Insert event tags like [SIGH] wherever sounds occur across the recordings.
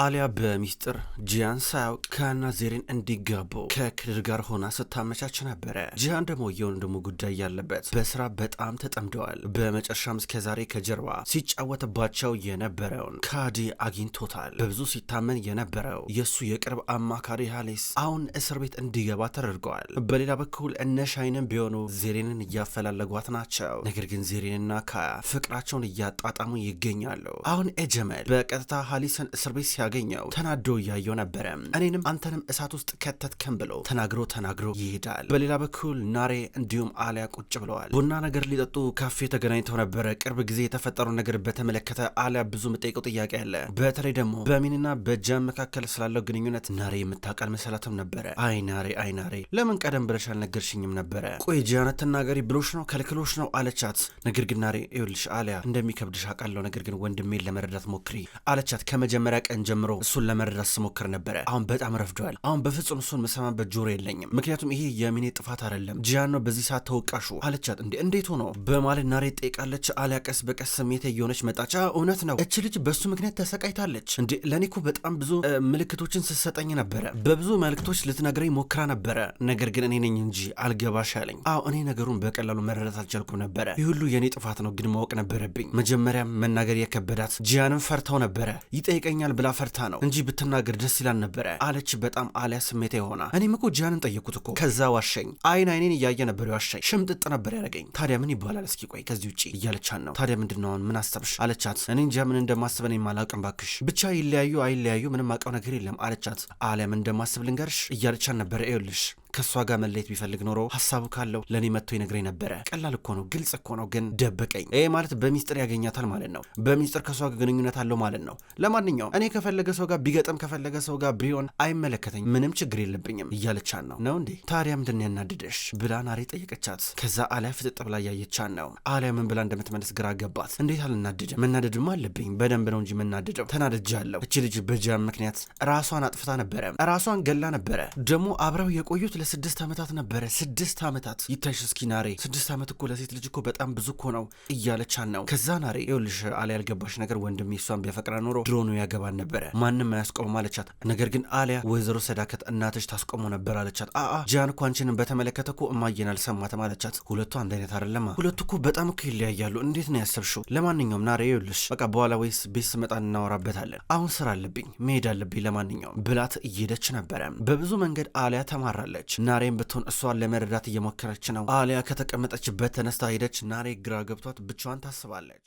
አሊያ በሚስጥር ጂያን ሳያውቅ ከና ዜሬን እንዲጋቡ ከክድር ጋር ሆና ስታመቻች ነበረ። ጂያን ደግሞ የወንድሙ ጉዳይ ያለበት በስራ በጣም ተጠምደዋል። በመጨረሻም እስከዛሬ ከጀርባ ሲጫወትባቸው የነበረውን ካዲ አግኝቶታል። በብዙ ሲታመን የነበረው የእሱ የቅርብ አማካሪ ሀሌስ አሁን እስር ቤት እንዲገባ ተደርገዋል። በሌላ በኩል እነ ሻይንም ቢሆኑ ዜሬንን እያፈላለጓት ናቸው። ነገር ግን ዜሬንና ካያ ፍቅራቸውን እያጣጣሙ ይገኛሉ። አሁን ኤጀመል በቀጥታ ሀሊስን እስር ቤት ሲያ እንዳገኘው ተናዶ እያየው ነበረ። እኔንም አንተንም እሳት ውስጥ ከተትከን ብሎ ተናግሮ ተናግሮ ይሄዳል። በሌላ በኩል ናሬ እንዲሁም አሊያ ቁጭ ብለዋል። ቡና ነገር ሊጠጡ ካፌ ተገናኝተው ነበረ። ቅርብ ጊዜ የተፈጠረው ነገር በተመለከተ አሊያ ብዙ የምጠይቀው ጥያቄ አለ። በተለይ ደግሞ በሚንና በጃን መካከል ስላለው ግንኙነት ናሬ የምታውቃል መሰላትም ነበረ። አይ ናሬ፣ አይ ናሬ ለምን ቀደም ብለሽ አልነገርሽኝም ነበረ? ቆይ ጃነት ተናገሪ ብሎሽ ነው ከልክሎሽ ነው አለቻት። ነገር ግን ናሬ ይኸውልሽ አሊያ እንደሚከብድሽ አውቃለሁ፣ ነገር ግን ወንድሜን ለመረዳት ሞክሪ አለቻት። ከመጀመሪያ ቀን ጀምሮ እሱን ለመረዳት ስሞክር ነበረ። አሁን በጣም ረፍደዋል። አሁን በፍጹም እሱን መሰማበት ጆሮ የለኝም። ምክንያቱም ይሄ የሚኔ ጥፋት አይደለም፣ ጂያን ነው በዚህ ሰዓት ተወቃሹ አለቻት። እንዴ እንዴት ነው በማለት ናሬ ጠይቃለች። አሊያ ቀስ በቀስ ስሜት እየሆነች መጣቻ። እውነት ነው እች ልጅ በሱ ምክንያት ተሰቃይታለች። እንዴ ለእኔ እኮ በጣም ብዙ ምልክቶችን ስትሰጠኝ ነበረ፣ በብዙ መልክቶች ልትነግረኝ ሞክራ ነበረ። ነገር ግን እኔ ነኝ እንጂ አልገባሽ አለኝ። አዎ እኔ ነገሩን በቀላሉ መረዳት አልቻልኩም ነበረ። ይህ ሁሉ የእኔ ጥፋት ነው፣ ግን ማወቅ ነበረብኝ። መጀመሪያም መናገር የከበዳት ጂያንም ፈርተው ነበረ ይጠይቀኛል ብላ ፈርታ ነው እንጂ ብትናገር ደስ ይላል ነበረ አለች። በጣም አሊያ ስሜት የሆና እኔም እኮ ጃንን ጠየቁት እኮ ከዛ ዋሸኝ። አይን አይኔን እያየ ነበር ዋሸኝ ሽምጥጥ ነበር ያደረገኝ። ታዲያ ምን ይባላል? እስኪ ቆይ ከዚህ ውጪ እያለቻን ነው። ታዲያ ምንድን ነው አሁን ምን አሰብሽ? አለቻት። እኔ እንጃ ምን እንደማስበን እኔም ባክሽ ብቻ ይለያዩ አይለያዩ ምንም አውቀው ነገር የለም አለቻት። አሊያም እንደማስብ ልንገርሽ እያለቻት ነበር። ይኸውልሽ ከእሷ ጋር መለየት ቢፈልግ ኖሮ ሀሳቡ ካለው ለእኔ መጥቶ ይነግረኝ ነበረ። ቀላል እኮ ነው፣ ግልጽ እኮ ነው። ግን ደበቀኝ። ይሄ ማለት በሚስጥር ያገኛታል ማለት ነው። በሚስጥር ከእሷ ጋር ግንኙነት አለው ማለት ነው። ለማንኛውም እኔ ከፈለገ ሰው ጋር ቢገጥም ከፈለገ ሰው ጋር ቢሆን አይመለከተኝ፣ ምንም ችግር የለብኝም እያለቻን ነው። ነው እንዴ ታዲያ ምንድን ያናድደሽ ብላ ናሬ ጠየቀቻት። ከዛ አሊያ ፍጥጥ ብላ እያየቻን ነው። አሊያ ምን ብላ እንደምትመለስ ግራ ገባት። እንዴት አልናድድም? መናደድማ አለብኝ በደንብ ነው እንጂ መናደደው። ተናድጃለሁ። እቺ ልጅ በጃም ምክንያት ራሷን አጥፍታ ነበረ፣ ራሷን ገላ ነበረ። ደግሞ አብረው የቆዩት ለስድስት ዓመታት ነበረ። ስድስት ዓመታት ይታይሽ እስኪ ናሬ፣ ስድስት ዓመት እኮ ለሴት ልጅ እኮ በጣም ብዙ እኮ ነው እያለቻን ነው። ከዛ ናሬ ይኸውልሽ አሊያ ያልገባሽ ነገር ወንድሜ እሷን ቢያፈቅራ ኖሮ ድሮኑ ያገባን ነበረ፣ ማንም አያስቆምም አለቻት። ነገር ግን አሊያ ወይዘሮ ሰዳከት እናትሽ ታስቆሞ ነበር አለቻት። አአ ጃን እኮ አንቺን በተመለከተ እኮ እማየን አልሰማትም አለቻት። ሁለቱ አንድ አይነት አይደለማ፣ ሁለቱ እኮ በጣም እኮ ይለያያሉ። እንዴት ነው ያሰብሽው? ለማንኛውም ናሬ ይኸውልሽ በቃ በኋላ ወይስ ቤት ስመጣ እናወራበታለን። አሁን ስራ አለብኝ መሄድ አለብኝ ለማንኛውም ብላት እየሄደች ነበረ። በብዙ መንገድ አሊያ ተማራለች። ሄደች። ናሬም ብትሆን እሷን ለመረዳት እየሞከረች ነው። አሊያ ከተቀመጠችበት ተነስታ ሄደች። ናሬ ግራ ገብቷት ብቻዋን ታስባለች።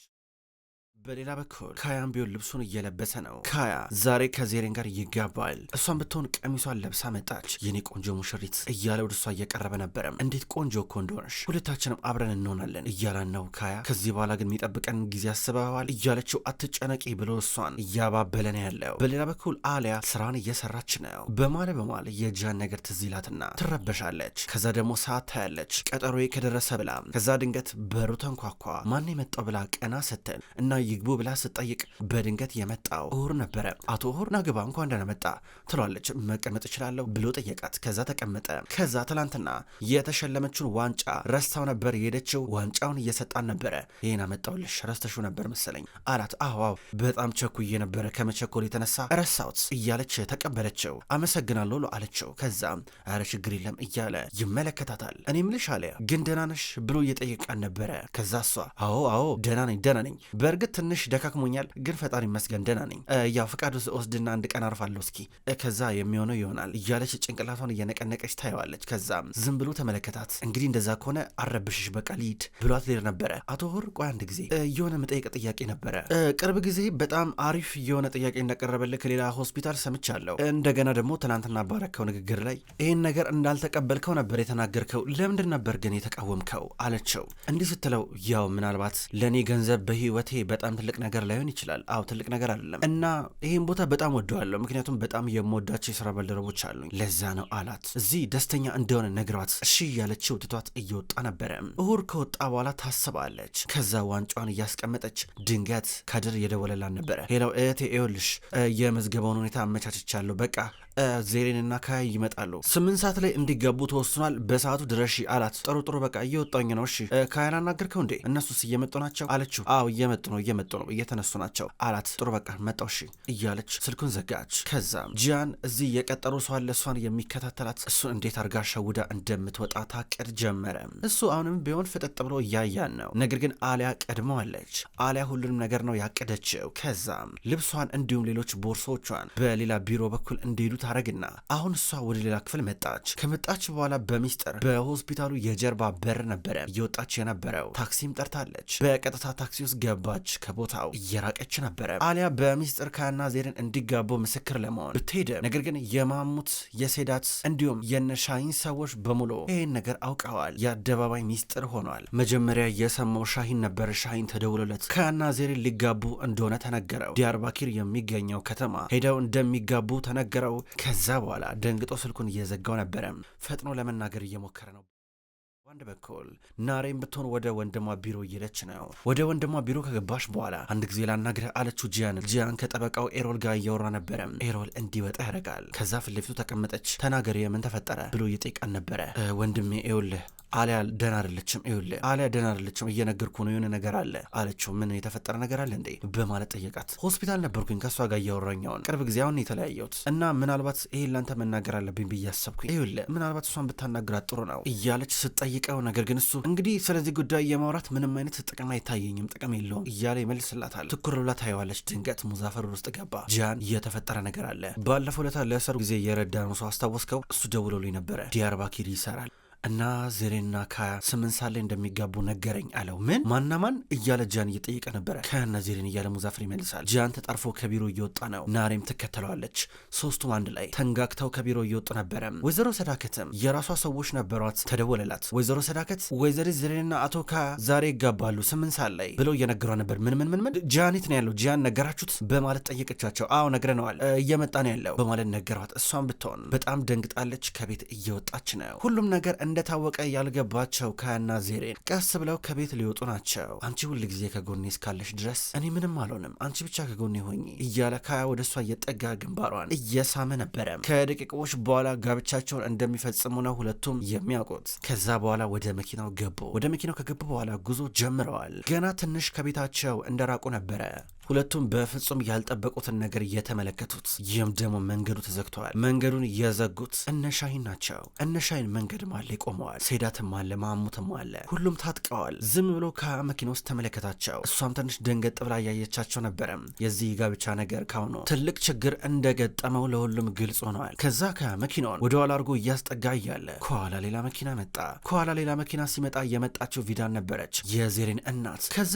በሌላ በኩል ካያም ቢሆን ልብሱን እየለበሰ ነው። ካያ ዛሬ ከዜሬን ጋር ይጋባል። እሷን ብትሆን ቀሚሷን ለብሳ መጣች። የኔ ቆንጆ ሙሽሪት እያለ ወደ እሷ እየቀረበ ነበረም። እንዴት ቆንጆ እኮ እንደሆነሽ ሁለታችንም አብረን እንሆናለን እያላን ነው ካያ። ከዚህ በኋላ ግን የሚጠብቀን ጊዜ አስበዋል እያለችው አትጨነቂ ብሎ እሷን እያባበለ ነው ያለው። በሌላ በኩል አሊያ ስራን እየሰራች ነው። በማለ በማለ የጃን ነገር ትዝ ይላትና ትረበሻለች። ከዛ ደግሞ ሰዓት ታያለች ቀጠሮዬ ከደረሰ ብላ። ከዛ ድንገት በሩ ተንኳኳ። ማን የመጣው ብላ ቀና ስትል እና ይግቡ ብላ ስትጠይቅ በድንገት የመጣው እሁር ነበረ። አቶ እሁር ናግባ እንኳን ደህና መጣ ትሏለች። መቀመጥ እችላለሁ ብሎ ጠየቃት። ከዛ ተቀመጠ። ከዛ ትላንትና የተሸለመችውን ዋንጫ ረስታው ነበር የሄደችው። ዋንጫውን እየሰጣን ነበረ። ይህን አመጣውልሽ ረስተሹ ነበር መሰለኝ አላት። አዋው በጣም ቸኩዬ ነበረ ከመቸኮል የተነሳ ረሳውት እያለች ተቀበለችው። አመሰግናለሁ አለችው። ከዛም አረ ችግር የለም እያለ ይመለከታታል። እኔ ምልሽ አለ ግን ደህና ነሽ ብሎ እየጠየቃን ነበረ። ከዛ እሷ አዎ አዎ ደህና ነኝ ደህና ነኝ በእርግጥ ትንሽ ደካክሞኛል፣ ግን ፈጣሪ ይመስገን ደህና ነኝ። ያው ፍቃድ ወስድና አንድ ቀን አርፋለሁ እስኪ ከዛ የሚሆነው ይሆናል እያለች ጭንቅላቷን እየነቀነቀች ታየዋለች። ከዛም ዝም ብሎ ተመለከታት። እንግዲህ እንደዛ ከሆነ አረብሽሽ በቃ ሊድ ብሏት ሌር ነበረ። አቶ ሁር ቆይ አንድ ጊዜ የሆነ መጠየቅ ጥያቄ ነበረ። ቅርብ ጊዜ በጣም አሪፍ የሆነ ጥያቄ እንዳቀረበልህ ከሌላ ሆስፒታል ሰምቻለሁ። እንደገና ደግሞ ትናንትና ባረከው ንግግር ላይ ይህን ነገር እንዳልተቀበልከው ነበር የተናገርከው። ለምንድን ነበር ግን የተቃወምከው? አለችው። እንዲህ ስትለው ያው ምናልባት ለእኔ ገንዘብ በህይወቴ በጣም በጣም ትልቅ ነገር ላይሆን ይችላል። አዎ ትልቅ ነገር አይደለም እና ይህን ቦታ በጣም ወደዋለሁ፣ ምክንያቱም በጣም የምወዳቸው የስራ ባልደረቦች አሉኝ። ለዛ ነው አላት። እዚህ ደስተኛ እንደሆነ ነግሯት እሺ እያለችው ትቷት እየወጣ ነበረ። እሁድ ከወጣ በኋላ ታስባለች። ከዛ ዋንጫዋን እያስቀመጠች ድንገት ከድር እየደወለላን ነበረ። ሄላው እህቴ ይኸውልሽ የመዝገባውን ሁኔታ አመቻችቻለሁ፣ በቃ ዜሬንና ካይ ይመጣሉ። ስምንት ሰዓት ላይ እንዲገቡ ተወስኗል። በሰዓቱ ድረሺ አላት። ጥሩ ጥሩ በቃ እየወጣኝ ነው። እሺ ካያን አናገርከው እንዴ? እነሱስ እየመጡ ናቸው አለችው። አዎ እየመጡ ነው እየመጡ ነው እየተነሱ ናቸው አላት። ጥሩ በቃ መጣው እሺ እያለች ስልኩን ዘጋች። ከዛም ጂያን እዚህ የቀጠሩ ሰው አለ እሷን የሚከታተላት እሱን እንዴት አርጋ ሸውዳ እንደምትወጣ ታቅድ ጀመረ። እሱ አሁንም ቢሆን ፍጥጥ ብሎ እያያን ነው። ነገር ግን አሊያ ቀድመዋለች። አሊያ ሁሉንም ነገር ነው ያቀደችው። ከዛም ልብሷን እንዲሁም ሌሎች ቦርሶቿን በሌላ ቢሮ በኩል እንዲሄዱ ታረግና አሁን እሷ ወደ ሌላ ክፍል መጣች። ከመጣች በኋላ በሚስጥር በሆስፒታሉ የጀርባ በር ነበረ እየወጣች የነበረው። ታክሲም ጠርታለች። በቀጥታ ታክሲ ውስጥ ገባች። ከቦታው እየራቀች ነበረ። አሊያ በሚስጥር ካያና ዜድን እንዲጋቡ ምስክር ለመሆን ብትሄድም ነገር ግን የማሙት የሴዳት እንዲሁም የነሻሂን ሰዎች በሙሉ ይህን ነገር አውቀዋል። የአደባባይ ሚስጥር ሆኗል። መጀመሪያ የሰማው ሻሂን ነበር። ሻሂን ተደውሎለት ካያና ዜድን ሊጋቡ እንደሆነ ተነገረው። ዲያርባኪር የሚገኘው ከተማ ሄደው እንደሚጋቡ ተነገረው። ከዛ በኋላ ደንግጦ ስልኩን እየዘጋው ነበረ። ፈጥኖ ለመናገር እየሞከረ ነው። በአንድ በኩል ናሬም ብትሆን ወደ ወንድሟ ቢሮ እየለች ነው። ወደ ወንድሟ ቢሮ ከገባሽ በኋላ አንድ ጊዜ ላናግርህ አለችው ጂያን። ጂያን ከጠበቃው ኤሮል ጋር እያወራ ነበረ። ኤሮል እንዲወጣ ያደርጋል። ከዛ ፊት ለፊቱ ተቀመጠች። ተናገሪ፣ የምን ተፈጠረ ብሎ እየጠየቃን ነበረ። ወንድሜ ኤውልህ አሊያ ደህና አይደለችም፣ ይኸውልህ አሊያ ደህና አይደለችም፣ እየነገርኩ ነው፣ የሆነ ነገር አለ አለችው። ምን የተፈጠረ ነገር አለ እንዴ በማለት ጠየቃት። ሆስፒታል ነበርኩኝ ከእሷ ጋር እያወራኛውን ቅርብ ጊዜ አሁን የተለያየሁት እና ምናልባት ይሄ ላንተ መናገር አለብኝ ብዬ አሰብኩኝ። ይኸውልህ ምናልባት እሷን ብታናግራት ጥሩ ነው እያለች ስጠይቀው፣ ነገር ግን እሱ እንግዲህ ስለዚህ ጉዳይ የማውራት ምንም አይነት ጥቅም አይታየኝም፣ ጥቅም የለውም እያለ ይመልስላታል። ትኩር ብላ ታየዋለች። ድንገት ሙዛፈር ውስጥ ገባ። ጃን እየተፈጠረ ነገር አለ። ባለፈው ለታ ለሰርጉ ጊዜ የረዳ ነው ሰው አስታወስከው? እሱ ደውሎልኝ ነበረ። ዲያርባኪር ይሰራል እና ዜሬና ካያ ስምንት ሰዓት ላይ እንደሚጋቡ ነገረኝ አለው። ምን ማና ማን እያለ ጃን እየጠየቀ ነበረ። ካያና ዜሬን እያለ ሙዛፍር ይመልሳል። ጃን ተጣርፎ ከቢሮ እየወጣ ነው። ናሬም ትከተለዋለች። ሶስቱም አንድ ላይ ተንጋግተው ከቢሮ እየወጡ ነበረ። ወይዘሮ ሰዳከትም የራሷ ሰዎች ነበሯት። ተደወለላት። ወይዘሮ ሰዳከት ወይዘሪት ዜሬንና አቶ ካያ ዛሬ ይጋባሉ ስምንት ሰዓት ላይ ብለው እየነገሯ ነበር። ምን ምን ምን ምን ጃኒት ነው ያለው ጃን ነገራችሁት በማለት ጠየቀቻቸው። አዎ ነግረነዋል፣ እየመጣ ነው ያለው በማለት ነገሯት። እሷን ብትሆን በጣም ደንግጣለች። ከቤት እየወጣች ነው ሁሉም ነገር እንደታወቀ ያልገባቸው ካያና ዜሬን ቀስ ብለው ከቤት ሊወጡ ናቸው። አንቺ ጊዜ ከጎኔ እስካለሽ ድረስ እኔ ምንም አልሆንም፣ አንቺ ብቻ ከጎኔ ሆኚ እያለ ካያ ወደ እሷ እየጠጋ ግንባሯን እየሳመ ነበረ። ከደቂቃዎች በኋላ ጋብቻቸውን እንደሚፈጽሙ ነው ሁለቱም የሚያውቁት። ከዛ በኋላ ወደ መኪናው ገቡ። ወደ መኪናው ከገቡ በኋላ ጉዞ ጀምረዋል። ገና ትንሽ ከቤታቸው እንደራቁ ነበረ ሁለቱም በፍጹም ያልጠበቁትን ነገር እየተመለከቱት። ይህም ደግሞ መንገዱ ተዘግተዋል። መንገዱን የዘጉት እነ ሻሂን ናቸው። እነ ሻሂን መንገድ ማለ ቆመዋል። ሴዳትም አለ፣ ማሙትም አለ። ሁሉም ታጥቀዋል። ዝም ብሎ ከመኪና ውስጥ ተመለከታቸው። እሷም ትንሽ ደንገጥ ብላ እያየቻቸው ነበረ። የዚህ ጋብቻ ነገር ካሁኑ ትልቅ ችግር እንደገጠመው ለሁሉም ግልጽ ሆነዋል። ከዛ ከመኪናውን ወደ ኋላ አድርጎ እያስጠጋ እያለ ከኋላ ሌላ መኪና መጣ። ከኋላ ሌላ መኪና ሲመጣ የመጣችው ቪዳን ነበረች፣ የዜሬን እናት። ከዛ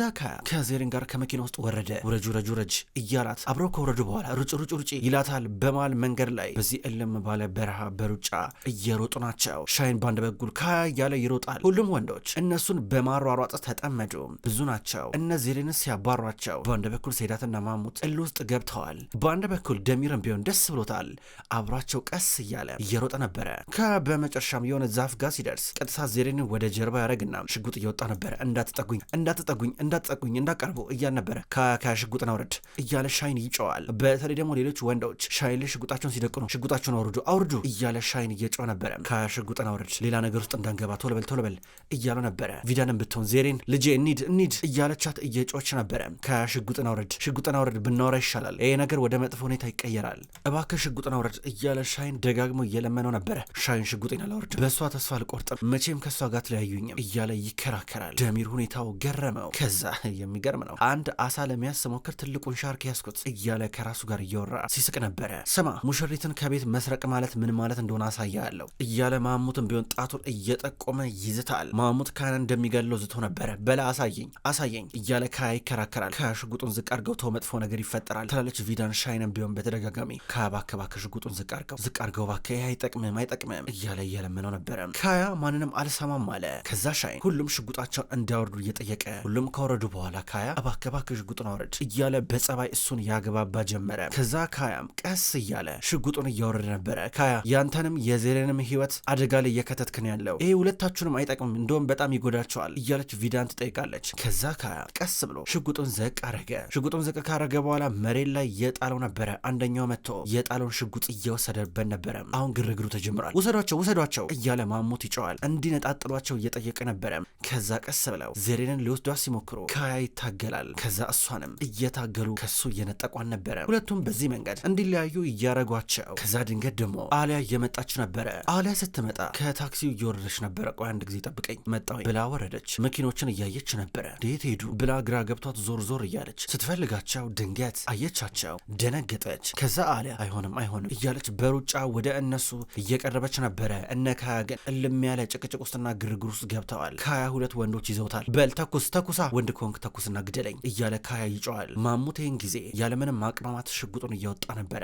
ከዜሬን ጋር ከመኪና ውስጥ ወረደ። ውረጅ ውረጅ ውረጅ እያላት አብረው ከወረዱ በኋላ ሩጭ ሩጭ ሩጭ ይላታል። በመሃል መንገድ ላይ በዚህ እልም ባለ በረሃ በሩጫ እየሮጡ ናቸው። ሻይን ባንድ በኩል ካ እያለ ይሮጣል። ሁሉም ወንዶች እነሱን በማሯሯጥ ተጠመዱ። ብዙ ናቸው። እነ ዜሌንን ሲያባሯቸው፣ በአንድ በኩል ሴዳትና ማሙት እል ውስጥ ገብተዋል። በአንድ በኩል ደሚርም ቢሆን ደስ ብሎታል። አብሯቸው ቀስ እያለ እየሮጠ ነበረ። ካ በመጨረሻም የሆነ ዛፍ ጋር ሲደርስ ቀጥታ ዜሌንን ወደ ጀርባ ያደረግና ሽጉጥ እየወጣ ነበረ። እንዳትጠጉኝ፣ እንዳትጠጉኝ፣ እንዳትጠጉኝ፣ እንዳቀርቡ እያል ነበረ። ከሽጉጥን አውርድ እያለ ሻይን ይጨዋል። በተለይ ደግሞ ሌሎች ወንዶች ሻይን ላይ ሽጉጣቸውን ሲደቅኑ ሽጉጣቸውን አውርዱ፣ አውርዱ እያለ ሻይን እየጨዋ ነበረ። ከሽጉጥን አውርድ ሌላ ነገር ውስጥ እንዳንገባ ቶሎ በል እያሉ ነበረ። ቪዳንም ብትሆን ዜሬን ልጄ እኒድ እኒድ እያለቻት እየጮች ነበረ። ከሽጉጥና ውረድ ሽጉጥና ውረድ ብናወራ ይሻላል፣ ይሄ ነገር ወደ መጥፎ ሁኔታ ይቀየራል፣ እባክህ ሽጉጥና ውረድ እያለ ሻይን ደጋግሞ እየለመነው ነበረ። ሻይን ሽጉጤን አላወርድ፣ በእሷ ተስፋ አልቆርጥም፣ መቼም ከእሷ ጋር ተለያዩኝም እያለ ይከራከራል። ደሚር ሁኔታው ገረመው። ከዛ [LAUGHS] የሚገርም ነው አንድ አሳ ለመያዝ ስሞክር ትልቁን ሻርክ ያስኩት እያለ ከራሱ ጋር እያወራ ሲስቅ ነበረ። ስማ ሙሽሪትን ከቤት መስረቅ ማለት ምን ማለት እንደሆነ አሳያለሁ እያለ ማሙትን ቢሆን ጣቱን እየጠቆመ ይዝታል። ማሙት ካህን እንደሚገለው ዝቶ ነበረ። በላ አሳየኝ አሳየኝ እያለ ካያ ይከራከራል። ካያ ሽጉጡን ዝቅ አድርገው ተው መጥፎ ነገር ይፈጠራል ትላለች ቪዳን ሻይነም ቢሆን በተደጋጋሚ ካያ እባክህ እባክህ ሽጉጡን ዝቅ አድርገው ዝቅ አድርገው እባክህ ይህ አይጠቅምም አይጠቅምም እያለ እየለመነው ነበረ። ካያ ማንንም አልሰማም አለ። ከዛ ሻይን ሁሉም ሽጉጣቸውን እንዲያወርዱ እየጠየቀ ሁሉም ከወረዱ በኋላ ካያ እባክህ እባክህ ሽጉጡን አውረድ እያለ በጸባይ እሱን ያገባባ ጀመረ። ከዛ ካያም ቀስ እያለ ሽጉጡን እያወረደ ነበረ። ካያ ያንተንም የዜሬንም ህይወት አደጋ ላይ የከተት እያደረግክ ነው ያለው ይሄ ሁለታችሁንም አይጠቅምም፣ እንደውም በጣም ይጎዳቸዋል እያለች ቪዳን ትጠይቃለች። ከዛ ካያ ቀስ ብሎ ሽጉጡን ዘቅ አረገ። ሽጉጡን ዘቅ ካረገ በኋላ መሬት ላይ የጣለው ነበረ። አንደኛው መጥቶ የጣለውን ሽጉጥ እየወሰደበት ነበረ። አሁን ግርግሩ ተጀምሯል። ውሰዷቸው፣ ውሰዷቸው እያለ ማሞት ይጨዋል። እንዲነጣጥሏቸው እየጠየቀ ነበረ። ከዛ ቀስ ብለው ዜሬንን ሊወስዷት ሲሞክሩ ካያ ይታገላል። ከዛ እሷንም እየታገሉ ከሱ እየነጠቋን ነበረ። ሁለቱም በዚህ መንገድ እንዲለያዩ እያረጓቸው። ከዛ ድንገት ደግሞ አሊያ እየመጣች ነበረ። አሊያ ስትመጣ ከታክሲ እየወረደች ነበረ። ቆይ አንድ ጊዜ ጠብቀኝ መጣሁ ብላ ወረደች። መኪኖችን እያየች ነበረ። ዴት ሄዱ ብላ ግራ ገብቷት ዞር ዞር እያለች ስትፈልጋቸው ድንገት አየቻቸው። ደነገጠች። ከዛ አለ አይሆንም አይሆንም እያለች በሩጫ ወደ እነሱ እየቀረበች ነበረ። እነ ካያ ግን እልም ያለ ጭቅጭቅ ውስጥና ግርግር ውስጥ ገብተዋል። ካያ ሁለት ወንዶች ይዘውታል። በል ተኩስ ተኩሳ፣ ወንድ ከሆንክ ተኩስና ግደለኝ እያለ ካያ ይጮዋል። ማሙቴን ጊዜ ያለምንም ማቅማማት ሽጉጡን እያወጣ ነበረ።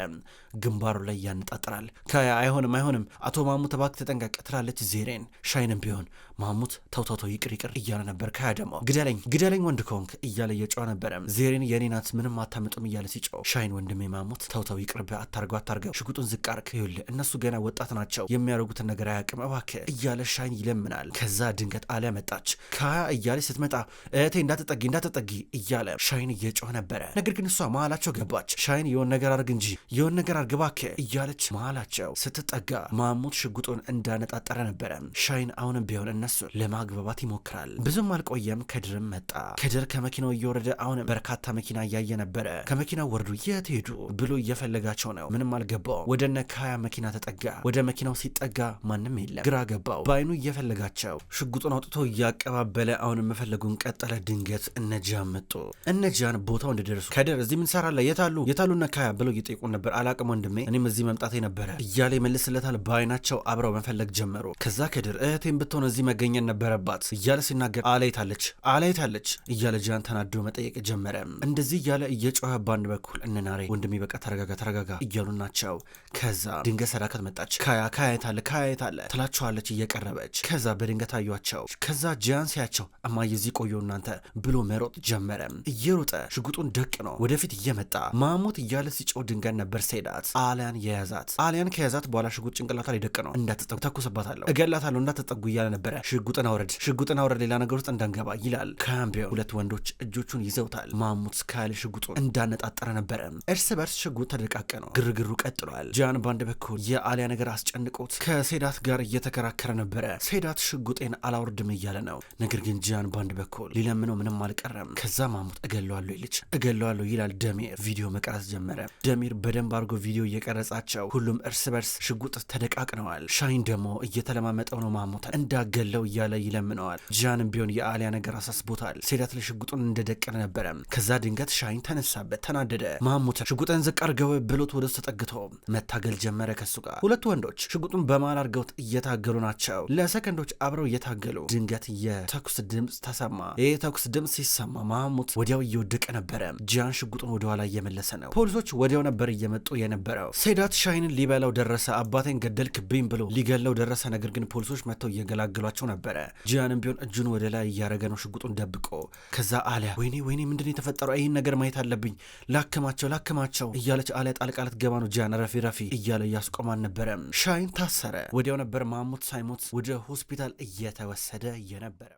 ግንባሩ ላይ ያነጣጥራል። ካያ አይሆንም አይሆንም፣ አቶ ማሙ ተባክ ተጠንቀቅ ትላለች ዜሬን ሻይንም ቢሆን ማሙት ተውተውተው ይቅር ይቅር እያለ ነበር። ካያ ደግሞ ግደለኝ ግደለኝ ወንድ ከሆንክ እያለ እየጮኸ ነበረም። ዜሬን የኔ ናት ምንም አታምጡም እያለ ሲጮው፣ ሻይን ወንድሜ ማሙት ተውተው ይቅርብህ፣ አታርገው አታርገው፣ ሽጉጡን ዝቅ አርግ፣ ይኸውልህ እነሱ ገና ወጣት ናቸው የሚያደርጉትን ነገር አያውቅም፣ እባክህ እያለ ሻይን ይለምናል። ከዛ ድንገት አሊያ መጣች። ካያ እያለች ስትመጣ እህቴ እንዳትጠጊ እንዳትጠጊ እያለ ሻይን እየጮኸ ነበረ። ነገር ግን እሷ መሀላቸው ገባች። ሻይን የሆን ነገር አርግ እንጂ የሆን ነገር አርግ እባክህ እያለች መሀላቸው ስትጠጋ ማሙት ሽጉጡን እንዳነጣጠረ ነበር። ነበረ። ሻይን አሁንም ቢሆን እነሱ ለማግባባት ይሞክራል። ብዙም አልቆየም ከድርም መጣ። ከድር ከመኪናው እየወረደ አሁን በርካታ መኪና እያየ ነበረ። ከመኪናው ወርዱ የት ሄዱ ብሎ እየፈለጋቸው ነው። ምንም አልገባው። ወደ እነ መኪና ተጠጋ። ወደ መኪናው ሲጠጋ ማንም የለም። ግራ ገባው። በአይኑ እየፈለጋቸው ሽጉጡን አውጥቶ እያቀባበለ አሁን መፈለጉን ቀጠለ። ድንገት እነጃን መጡ። እነጃን ቦታው እንደደረሱ ከድር እዚህ ምን ሰራለ? የታሉ የታሉ እነ ካያ ብሎ እየጠየቁን ነበር። አላቅም ወንድሜ፣ እኔም እዚህ መምጣቴ ነበረ እያለ ይመልስለታል። በአይናቸው አብረው መፈለግ ጀመሩ። ከዛ ከድር እህቴን ብትሆን እዚህ መገኘት ነበረባት እያለ ሲናገር አላይታለች አላይታለች እያለ ጃን ተናዶ መጠየቅ ጀመረ። እንደዚህ እያለ እየጮኸ ባንድ በኩል እንናሬ ወንድሜ በቃ ተረጋጋ ተረጋጋ እያሉ ናቸው። ከዛ ድንገት ሰዳከት መጣች። ካያ ካያየታለ ካያየታለ ትላቸዋለች እየቀረበች። ከዛ በድንገት አዩቸው። ከዛ ጃን ሲያቸው እማዬ እዚህ ቆዩ እናንተ ብሎ መሮጥ ጀመረ። እየሮጠ ሽጉጡን ደቅ ነው ወደፊት እየመጣ ማሙት እያለ ሲጮህ ድንገት ነበር ሴዳት አሊያን የያዛት። አሊያን ከያዛት በኋላ ሽጉጥ ጭንቅላቷ ላይ ደቅ ነው እንዳትጠ ተኩስባታለሁ እገላታለሁ እንዳትጠጉ እያለ ነበረ። ሽጉጥን አውረድ፣ ሽጉጥን አውረድ፣ ሌላ ነገር ውስጥ እንዳንገባ ይላል ካምቢዮ። ሁለት ወንዶች እጆቹን ይዘውታል። ማሙት ካል ሽጉጡን እንዳነጣጠረ ነበረ። እርስ በርስ ሽጉጥ ተደቃቀ ነው። ግርግሩ ቀጥሏል። ጃን ባንድ በኩል የአሊያ ነገር አስጨንቆት ከሴዳት ጋር እየተከራከረ ነበረ። ሴዳት ሽጉጤን አላውርድም እያለ ነው። ነገር ግን ጃን ባንድ በኩል ሊለምነው ምንም አልቀረም። ከዛ ማሙት እገለዋለሁ ይልች እገለዋለሁ ይላል። ደሚር ቪዲዮ መቀረጽ ጀመረ። ደሚር በደንብ አድርጎ ቪዲዮ እየቀረጻቸው ሁሉም እርስ በርስ ሽጉጥ ተደቃቅነዋል። ሻይን ደግሞ እየተለማ እየተለማመጠው ነው። ማሙታን እንዳገለው እያለ ይለምነዋል። ጃንም ቢሆን የአሊያ ነገር አሳስቦታል። ሴዳት ለሽጉጡን ሽጉጡን እንደደቀነ ነበረ። ከዛ ድንገት ሻይን ተነሳበት፣ ተናደደ። ማሙታን ሽጉጠን ዝቅ አርገው ብሎት ውስጥ ተጠግቶ መታገል ጀመረ ከሱ ጋር። ሁለቱ ወንዶች ሽጉጡን በማል አርገውት እየታገሉ ናቸው። ለሰከንዶች አብረው እየታገሉ ድንገት የተኩስ ድምፅ ተሰማ። ይህ የተኩስ ድምፅ ሲሰማ ማሙት ወዲያው እየወደቀ ነበረ። ጃን ሽጉጡን ወደኋላ እየመለሰ ነው። ፖሊሶች ወዲያው ነበር እየመጡ የነበረው። ሴዳት ሻይንን ሊበላው ደረሰ። አባቴን ገደልክብኝ ብሎ ሊገለው ደረሰ። ነገር ግን ግን ፖሊሶች መጥተው እየገላገሏቸው ነበረ። ጂያንም ቢሆን እጁን ወደ ላይ እያረገ ነው ሽጉጡን ደብቆ። ከዛ አሊያ ወይኔ ወይኔ ምንድን የተፈጠረው ይህን ነገር ማየት አለብኝ፣ ላክማቸው ላክማቸው እያለች አሊያ ጣልቃ ልትገባ ነው። ጂያን ረፊ ረፊ እያለ እያስቆማ አልነበረም። ሻይን ታሰረ። ወዲያው ነበር ማሙት ሳይሞት ወደ ሆስፒታል እየተወሰደ የነበረው።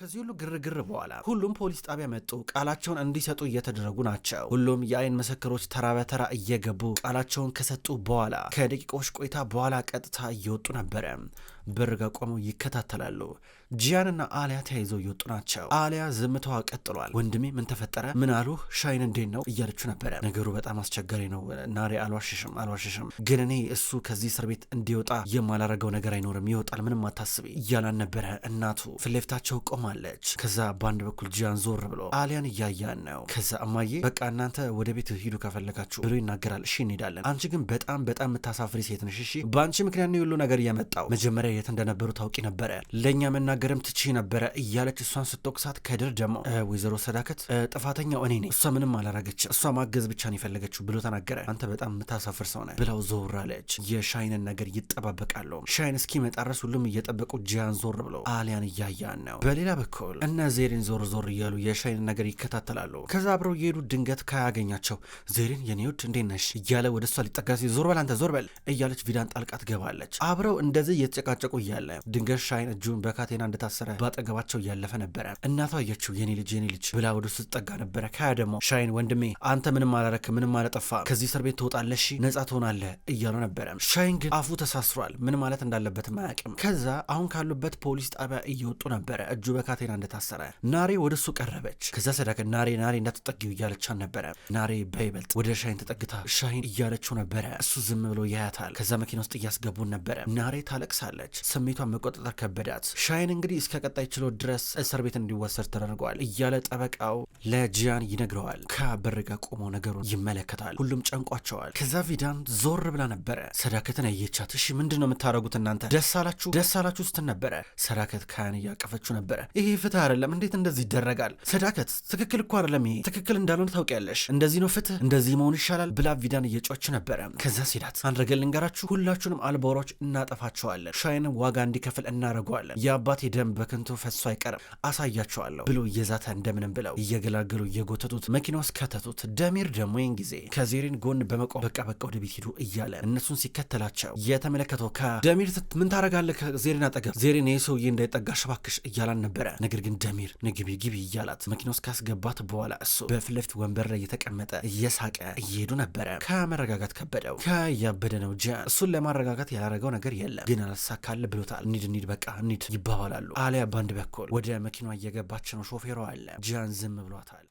ከዚህ ሁሉ ግርግር በኋላ ሁሉም ፖሊስ ጣቢያ መጡ። ቃላቸውን እንዲሰጡ እየተደረጉ ናቸው። ሁሉም የአይን ምስክሮች ተራ በተራ እየገቡ ቃላቸውን ከሰጡ በኋላ ከደቂቃዎች ቆይታ በኋላ ቀጥታ እየወጡ ነበረ። በር ጋ ቆመው ይከታተላሉ። ጂያንና አሊያ ተያይዘው እየወጡ ናቸው። አሊያ ዝምታዋ ቀጥሏል። ወንድሜ ምን ተፈጠረ? ምን አሉ? ሻይን እንዴት ነው እያለችው ነበረ። ነገሩ በጣም አስቸጋሪ ነው ናሬ፣ አልዋሽሽም አልዋሽሽም፣ ግን እኔ እሱ ከዚህ እስር ቤት እንዲወጣ የማላረገው ነገር አይኖርም፣ ይወጣል፣ ምንም አታስቢ እያላን ነበረ። እናቱ ፊት ለፊታቸው ቆማለች። ከዛ በአንድ በኩል ጂያን ዞር ብሎ አሊያን እያያን ነው። ከዛ እማዬ በቃ እናንተ ወደ ቤት ሂዱ ከፈለጋችሁ ብሎ ይናገራል። እሺ እንሄዳለን። አንቺ ግን በጣም በጣም የምታሳፍሪ ሴት ነሽ። እሺ በአንቺ ምክንያት ነው የሁሉ ነገር የመጣው መጀመሪያ የት እንደነበሩ ታውቂ ነበረ፣ ለእኛ መናገርም ትቺ ነበረ እያለች እሷን ስትወቅሳት ከድር ደግሞ ወይዘሮ ሰዳከት ጥፋተኛው እኔ ነኝ፣ እሷ ምንም አላረገች፣ እሷ ማገዝ ብቻ ነው የፈለገችው ብሎ ተናገረ። አንተ በጣም የምታሳፍር ሰው ነህ ዞር አለች። የሻይንን ነገር ይጠባበቃሉ። ሻይን እስኪመጣ ድረስ ሁሉም እየጠበቁ ጂያን ዞር ብሎ አሊያን እያያን ነው። በሌላ በኩል እነ ዜሬን ዞር ዞር እያሉ የሻይንን ነገር ይከታተላሉ። ከዛ አብረው የሄዱ ድንገት ካያገኛቸው ዜሬን የኔ ውድ እንዴት ነሽ እያለ ወደ እሷ ሊጠጋ ሲል ዞር በል አንተ ዞር በል እያለች ቪዳን ጣልቃ ትገባለች። አብረው እንደዚህ እየተጨቃጨ ሲጨቃጨቁ እያለ ድንገት ሻይን እጁን በካቴና እንደታሰረ በአጠገባቸው እያለፈ ነበረ። እናቷ አየችው። የኔ ልጅ የኔ ልጅ ብላ ወደ ውስጥ ትጠጋ ነበረ። ካያ ደግሞ ሻይን ወንድሜ፣ አንተ ምንም አላረክ፣ ምንም አለጠፋ፣ ከዚህ እስር ቤት ትወጣለሽ፣ ነጻ ትሆናለ እያሉ ነበረ። ሻይን ግን አፉ ተሳስሯል። ምን ማለት እንዳለበትም አያውቅም። ከዛ አሁን ካሉበት ፖሊስ ጣቢያ እየወጡ ነበረ። እጁ በካቴና እንደታሰረ ናሬ ወደ እሱ ቀረበች። ከዛ ሰዳከ ናሬ ናሬ እንዳትጠጊው እያለቻን ነበረ። ናሬ በይበልጥ ወደ ሻይን ተጠግታ ሻይን እያለችው ነበረ። እሱ ዝም ብሎ ያያታል። ከዛ መኪና ውስጥ እያስገቡን ነበረ። ናሬ ታለቅሳለች። ስሜቷን መቆጣጠር ከበዳት። ሻይን እንግዲህ እስከ ቀጣይ ችሎት ድረስ እስር ቤት እንዲወሰድ ተደርጓል እያለ ጠበቃው ለጂያን ይነግረዋል። ከበር ጋር ቆሞ ነገሩን ይመለከታል። ሁሉም ጨንቋቸዋል። ከዛ ቪዳን ዞር ብላ ነበረ። ሰዳከትን አየቻት። እሺ ምንድን ነው የምታደርጉት እናንተ? ደስ አላችሁ ደስ አላችሁ ነበረ። ሰዳከት ካያን እያቀፈችው ነበረ። ይሄ ፍትህ አይደለም፣ እንዴት እንደዚህ ይደረጋል? ሰዳከት ትክክል እኮ አይደለም፣ ይሄ ትክክል እንዳልሆነ ታውቂያለሽ። እንደዚህ ነው ፍትህ፣ እንደዚህ መሆን ይሻላል ብላ ቪዳን እየጮች ነበረ። ከዛ ሲላት አንድ ነገር ልንገራችሁ፣ ሁላችሁንም አልቦሮች እናጠፋቸዋለን። ላይንም ዋጋ እንዲከፍል እናደርገዋለን። የአባቴ ደም በከንቱ ፈሶ አይቀርም አሳያቸዋለሁ ብሎ እየዛተ እንደምንም ብለው እየገላገሉ እየጎተቱት መኪና ውስጥ ከተቱት። ደሚር ደግሞ ይህን ጊዜ ከዜሬን ጎን በመቆም በቃ በቃ ወደ ቤት ሂዱ እያለ እነሱን ሲከተላቸው የተመለከተው ከደሚር ምን ታደርጋለህ ከዜሬን አጠገብ ዜሬን ይህ ሰውዬ እንዳይጠጋሽ እያላን ነበረ። ነገር ግን ደሚር ንግቢ ግቢ እያላት መኪና ውስጥ ካስገባት በኋላ እሱ በፊት ለፊት ወንበር ላይ የተቀመጠ እየሳቀ እየሄዱ ነበረ። ከመረጋጋት ከበደው ከያበደ ነው ጃን እሱን ለማረጋጋት ያላረገው ነገር የለም ግን አላሳካ ካለ ብሎታል። እንሂድ እንሂድ በቃ እንሂድ ይባባላሉ። አሊያ ባንድ በኩል ወደ መኪናዋ እየገባች ነው። ሾፌሯ አለ ጂያን ዝም ብሏታል።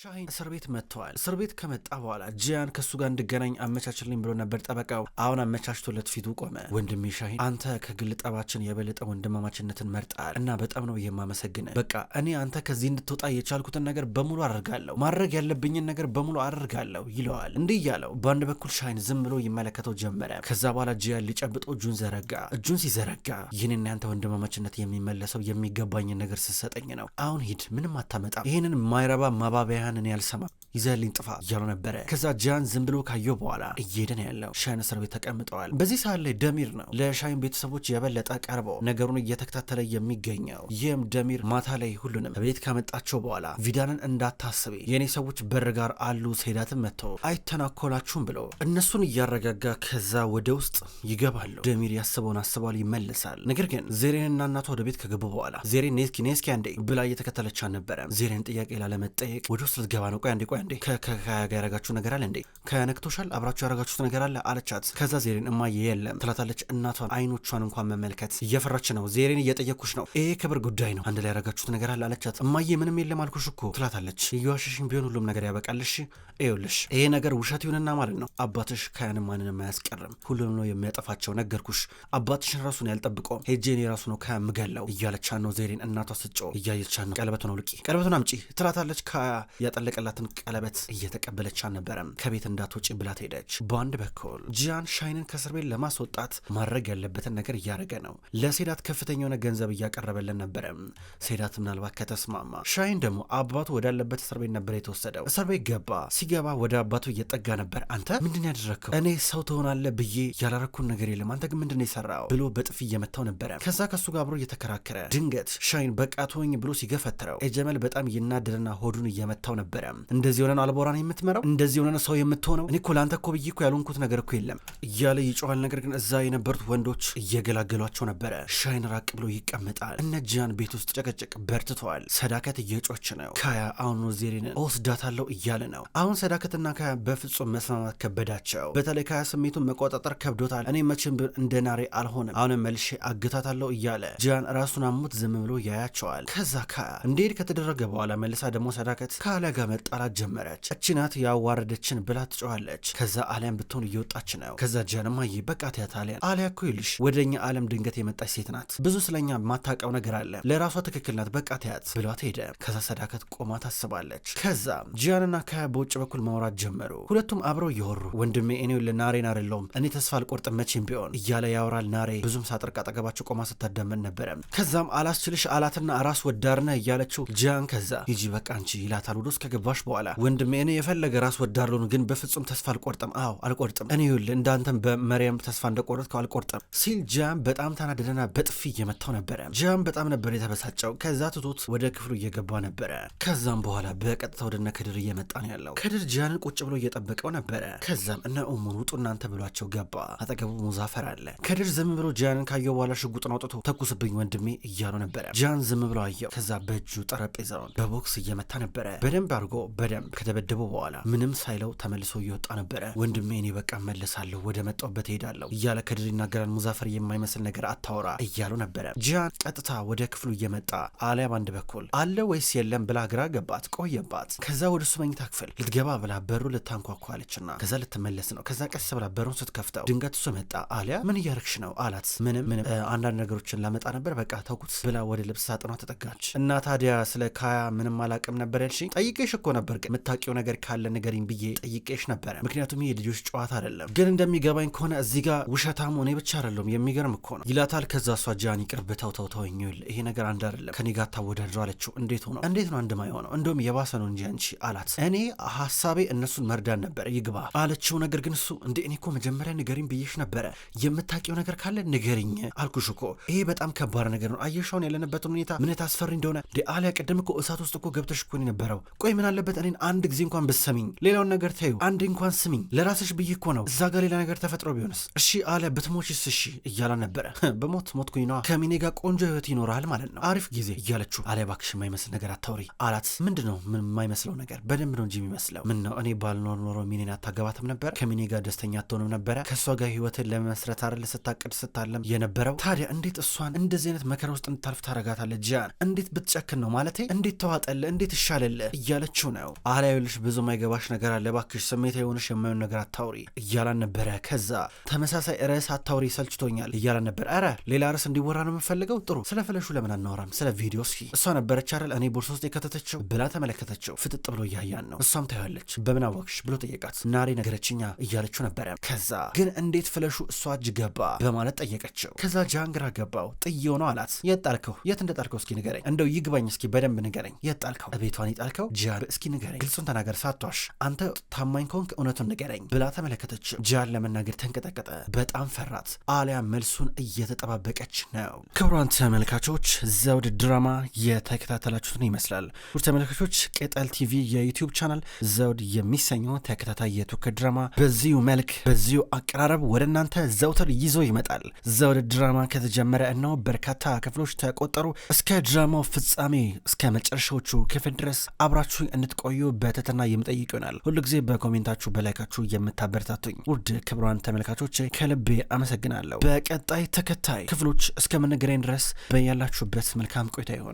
ሻሂን እስር ቤት መጥተዋል። እስር ቤት ከመጣ በኋላ ጂያን ከእሱ ጋር እንድገናኝ አመቻችልኝ ብሎ ነበር ጠበቃው። አሁን አመቻችቶለት ፊቱ ቆመ። ወንድሜ ሻሂን፣ አንተ ከግል ጠባችን የበለጠ ወንድማማችነትን መርጣል እና በጣም ነው የማመሰግነ። በቃ እኔ አንተ ከዚህ እንድትወጣ የቻልኩትን ነገር በሙሉ አደርጋለሁ፣ ማድረግ ያለብኝን ነገር በሙሉ አደርጋለሁ ይለዋል። እንዲህ እያለው በአንድ በኩል ሻሂን ዝም ብሎ ይመለከተው ጀመረ። ከዛ በኋላ ጂያን ሊጨብጦ እጁን ዘረጋ። እጁን ሲዘረጋ ይህንን ያንተ ወንድማማችነት የሚመለሰው የሚገባኝን ነገር ስሰጠኝ ነው። አሁን ሂድ፣ ምንም አታመጣም። ይህንን ማይረባ ማባቢያ عليها انني السمك ይዘህልኝ ጥፋ እያሉ ነበረ። ከዛ ጃን ዝም ብሎ ካየው በኋላ እየሄደ ነው ያለው። ሻይን እስር ቤት ተቀምጠዋል። በዚህ ሰዓት ላይ ደሚር ነው ለሻይን ቤተሰቦች የበለጠ ቀርቦ ነገሩን እየተከታተለ የሚገኘው። ይህም ደሚር ማታ ላይ ሁሉንም ከቤት ካመጣቸው በኋላ ቪዳንን እንዳታስቤ የእኔ ሰዎች በር ጋር አሉ፣ ሴዳትን መጥተው አይተናኮላችሁም ብሎ እነሱን እያረጋጋ ከዛ ወደ ውስጥ ይገባሉ። ደሚር ያስበውን አስበዋል፣ ይመለሳል። ነገር ግን ዜሬንና እናቷ ወደ ቤት ከገቡ በኋላ ዜሬን ኔስኪ ኔስኪ አንዴ ብላ እየተከተለች አልነበረም። ዜሬን ጥያቄ ላለመጠየቅ ወደ ውስጥ ልትገባ ነው። ቆይ አንዴ ቆይ ቆይ እንዴ ከሀያ ያረጋችሁ ነገር አለ እንዴ? ከነክቶሻል? አብራችሁ ያረጋችሁት ነገር አለ አለቻት። ከዛ ዜሬን እማዬ የለም ትላታለች። እናቷን አይኖቿን እንኳን መመልከት እየፈራች ነው። ዜሬን እየጠየቅኩሽ ነው። ይሄ ክብር ጉዳይ ነው። አንድ ላይ ያረጋችሁት ነገር አለ አለቻት። እማዬ ምንም የለም አልኩሽ እኮ ትላታለች። እየዋሸሽን ቢሆን ሁሉም ነገር ያበቃልሽ። ይኸውልሽ ይሄ ነገር ውሸት ይሁንና ማለት ነው አባትሽ ከያንም ማንንም አያስቀርም። ሁሉም ነው የሚያጠፋቸው። ነገርኩሽ አባትሽን ራሱን ያልጠብቀው ሄጄን የራሱ ነው ከምገለው እያለቻ ነው ዜሬን እናቷ ስጮ እያየቻ ነው። ቀለበቱን አውልቂ፣ ቀለበቱን አምጪ ትላታለች። ከያ ያጠለቀላትን ቀለበት እየተቀበለች አልነበረም። ከቤት እንዳትወጪ ብላት ሄደች። በአንድ በኩል ጂያን ሻይንን ከእስር ቤት ለማስወጣት ማድረግ ያለበትን ነገር እያደረገ ነው። ለሴዳት ከፍተኛ የሆነ ገንዘብ እያቀረበልን ነበረም። ሴዳት ምናልባት ከተስማማ፣ ሻይን ደግሞ አባቱ ወዳለበት እስር ቤት ነበር የተወሰደው። እስር ቤት ገባ። ሲገባ ወደ አባቱ እየጠጋ ነበር። አንተ ምንድን ያደረግከው? እኔ ሰው ትሆናለ ብዬ ያላረኩን ነገር የለም። አንተ ግን ምንድን የሰራው ብሎ በጥፊ እየመታው ነበረ። ከዛ ከሱ ጋር አብሮ እየተከራከረ ድንገት ሻይን በቃቶኝ ብሎ ሲገፈትረው ኤጀመል በጣም ይናደርና ሆዱን እየመታው ነበረ እንደዚህ እንደዚህ የሆነ ነው አልቦራን የምትመራው፣ እንደዚህ የሆነ ሰው የምትሆነው። እኔ እኮ ለአንተ እኮ ብዬ እኮ ያልሆንኩት ነገር እኮ የለም እያለ ይጮኋል። ነገር ግን እዛ የነበሩት ወንዶች እየገላገሏቸው ነበረ። ሻይን ራቅ ብሎ ይቀመጣል። እነ ጂያን ቤት ውስጥ ጭቅጭቅ በርትተዋል። ሰዳከት እየጮች ነው። ካያ አሁኑ ዜሬንን እወስዳታለሁ እያለ ነው። አሁን ሰዳከትና ካያ በፍጹም መስማማት ከበዳቸው። በተለይ ካያ ስሜቱን መቆጣጠር ከብዶታል። እኔ መቼም እንደ ናሬ አልሆንም፣ አሁንም መልሼ አግታታለሁ እያለ ጂያን ራሱን አሙት ዝም ብሎ ያያቸዋል። ከዛ ካያ እንዲሄድ ከተደረገ በኋላ መልሳ ደግሞ ሰዳከት ካሊያ ጋር መጣላት ጀመረች። እቺ ናት ያዋረደችን ብላ ትጮኋለች። ከዛ አሊያን ብትሆን እየወጣች ነው። ከዛ ጃንማ በቃት ያት አሊያን አሊያ እኮ ይልሽ ወደ እኛ ድንገት የመጣች ሴት ናት። ብዙ ስለኛ ማታቀው ነገር አለ። ለራሷ ትክክል ናት። በቃት ያት ብሏት ሄደ። ከዛ ሰዳከት ቆማ ታስባለች። ከዛ ጂያንና ካያ በውጭ በኩል ማውራት ጀመሩ። ሁለቱም አብረው እየወሩ ወንድሜ እኔው ለናሬን አይደለውም እኔ ተስፋ አልቆርጥም መቼም ቢሆን እያለ ያወራል። ናሬ ብዙም ሳጥርቅ አጠገባቸው ቆማ ስታዳመን ነበረ። ከዛም አላስችልሽ አላትና ራስ ወዳርነ እያለችው ጂያን ከዛ ይጂ በቃ አንቺ ይላታል። ወደ ውስጥ ከገባሽ በኋላ ወንድሜ እኔ የፈለገ ራስ ወዳለሁ ግን በፍጹም ተስፋ አልቆርጥም። አዎ አልቆርጥም። እኔ ይኸውልህ እንዳንተም በመርያም ተስፋ እንደቆረጥከው አልቆርጥም ሲል ጃም በጣም ተናደደና በጥፊ እየመታው ነበረ። ጃም በጣም ነበር የተበሳጨው። ከዛ ትቶት ወደ ክፍሉ እየገባ ነበረ። ከዛም በኋላ በቀጥታ ወደነ ከድር እየመጣ ነው ያለው። ከድር ጃንን ቁጭ ብሎ እየጠበቀው ነበረ። ከዛም እነ ኡሙን ውጡ እናንተ ብሏቸው ገባ። አጠገቡ ሙዛፈር አለ። ከድር ዝም ብሎ ጃንን ካየው በኋላ ሽጉጥን አውጥቶ ተኩስብኝ ወንድሜ እያሉ ነበረ። ጃን ዝም ብሎ አየው። ከዛ በእጁ ጠረጴዛውን በቦክስ እየመታ ነበረ። በደንብ አድርጎ በደንብ ከደበደቡ በኋላ ምንም ሳይለው ተመልሶ እየወጣ ነበረ። ወንድሜ እኔ በቃ መለሳለሁ፣ ወደ መጣሁበት እሄዳለሁ እያለ ከድር ይናገራል። ሙዛፈር የማይመስል ነገር አታወራ እያሉ ነበረ። ጂያን ቀጥታ ወደ ክፍሉ እየመጣ አሊያ አንድ በኩል አለ ወይስ የለም ብላ ግራ ገባት፣ ቆየባት። ከዛ ወደ እሱ መኝታ ክፍል ልትገባ ብላ በሩ ልታንኳኳለችና ከዛ ልትመለስ ነው። ከዛ ቀስ ብላ በሩን ስትከፍተው ድንገት እሱ መጣ። አሊያ ምን እያረግሽ ነው አላት። ምንም ምንም አንዳንድ ነገሮችን ላመጣ ነበር በቃ ተውኩት ብላ ወደ ልብስ ሳጥኗ ተጠጋች። እና ታዲያ ስለ ካያ ምንም አላቅም ነበር ያልሽኝ? ጠይቄሽ እኮ ነበር ግን የምታውቂው ነገር ካለ ንገሪኝ ብዬ ጠይቄሽ ነበረ። ምክንያቱም ይህ ልጆች ጨዋታ አይደለም። ግን እንደሚገባኝ ከሆነ እዚህ ጋር ውሸታም ሆኔ ብቻ አይደለም፣ የሚገርም እኮ ነው ይላታል። ከዛ እሷ ጃኒ ቅርብ ተውተውተው ይል ይሄ ነገር አንድ አይደለም ከኔ ጋር ታወዳድረው አለችው። እንዴት ሆነው እንዴት ነው አንድማ የሆነው እንደውም የባሰ ነው እንጂ አንቺ አላት። እኔ ሀሳቤ እነሱን መርዳን ነበር ይግባ አለችው። ነገር ግን እሱ እንደ እኔ እኮ መጀመሪያ ንገሪኝ ብዬሽ ነበረ፣ የምታውቂው ነገር ካለ ንገሪኝ አልኩሽ እኮ ይሄ በጣም ከባድ ነገር ነው። አየሽ ያለንበትን ሁኔታ ምን አስፈሪ እንደሆነ አሊያ፣ ቅድም እኮ እሳት ውስጥ እኮ ገብተሽ እኮ የነበረው ቆይ ምን አለበት እኔን አንድ ጊዜ እንኳን ብትሰሚኝ፣ ሌላውን ነገር ታዩ አንድ እንኳን ስሚኝ፣ ለራስሽ ብዬ እኮ ነው። እዛ ጋር ሌላ ነገር ተፈጥሮ ቢሆንስ? እሺ አለ ብትሞችስ? እሺ እያላ ነበረ። [LAUGHS] በሞት ሞትኩኝ ነዋ፣ ከሚኔ ጋር ቆንጆ ህይወት ይኖራል ማለት ነው፣ አሪፍ ጊዜ እያለችው አለ። እባክሽ የማይመስል ነገር አታውሪ አላት። ምንድን ነው የማይመስለው ነገር? በደንብ ነው እንጂ የሚመስለው። ምን ነው እኔ ባልኖር ኖሮ ሚኔን አታገባትም ነበረ? ከሚኔ ጋር ደስተኛ አትሆንም ነበረ? ከእሷ ጋር ህይወትን ለመስረት አይደል ስታቅድ ስታለም የነበረው። ታዲያ እንዴት እሷን እንደዚህ አይነት መከራ ውስጥ እንድታልፍ ታረጋታለህ? ጂያን እንዴት ብትጨክን ነው ማለቴ? እንዴት ተዋጠለ፣ እንዴት ይሻለልህ? እያለችው ነው አላዩልሽ ብዙ ማይገባሽ ነገር አለ ባክሽ፣ ስሜት የሆነሽ የማይሆን ነገር አታውሪ እያላን ነበረ። ከዛ ተመሳሳይ ርዕስ አታውሪ ሰልችቶኛል እያላን ነበር። ኧረ ሌላ ርዕስ እንዲወራ ነው የምፈልገው። ጥሩ ስለ ፍለሹ ለምን አናወራም? ስለ ቪዲዮ እስኪ እሷ ነበረች አይደል እኔ ቦርሳ ውስጥ የከተተችው ብላ ተመለከተችው። ፍጥጥ ብሎ እያያን ነው። እሷም ታያለች። በምን አወቅሽ ብሎ ጠየቃት። ናሬ ነገረችኛ እያለችው ነበረ። ከዛ ግን እንዴት ፍለሹ እሷ እጅ ገባ በማለት ጠየቀችው። ከዛ ጃንግራ ገባው ጥዬው ነው አላት። የት ጣልከው? የት እንደጣልከው እስኪ ንገረኝ። እንደው ይግባኝ እስኪ በደንብ ንገረኝ። የት ጣልከው? ቤቷን የጣልከው ጃር እስኪ ንገረኝ ግልጹን ተናገር ሳቷሽ፣ አንተ ታማኝ ከሆንክ እውነቱን ንገረኝ ብላ ተመለከተች። ጃን ለመናገር ተንቀጠቀጠ። በጣም ፈራት። አሊያ መልሱን እየተጠባበቀች ነው። ክቡራን ተመልካቾች ዘውድ ድራማ የተከታተላችሁትን ይመስላል። ውድ ተመልካቾች ቅጠል ቲቪ የዩቲዩብ ቻናል ዘውድ የሚሰኘው ተከታታይ የቱርክ ድራማ በዚሁ መልክ በዚሁ አቀራረብ ወደ እናንተ ዘውትር ይዞ ይመጣል። ዘውድ ድራማ ከተጀመረ እነው በርካታ ክፍሎች ተቆጠሩ። እስከ ድራማው ፍጻሜ እስከ መጨረሻዎቹ ክፍል ድረስ አብራችሁ እንድትቆዩ በትህትና የምጠይቅ ይሆናል። ሁልጊዜ በኮሜንታችሁ በላይካችሁ የምታበረታቱኝ ውድ ክቡራን ተመልካቾች ከልቤ አመሰግናለሁ። በቀጣይ ተከታይ ክፍሎች እስከምንገናኝ ድረስ በያላችሁበት መልካም ቆይታ ይሆን።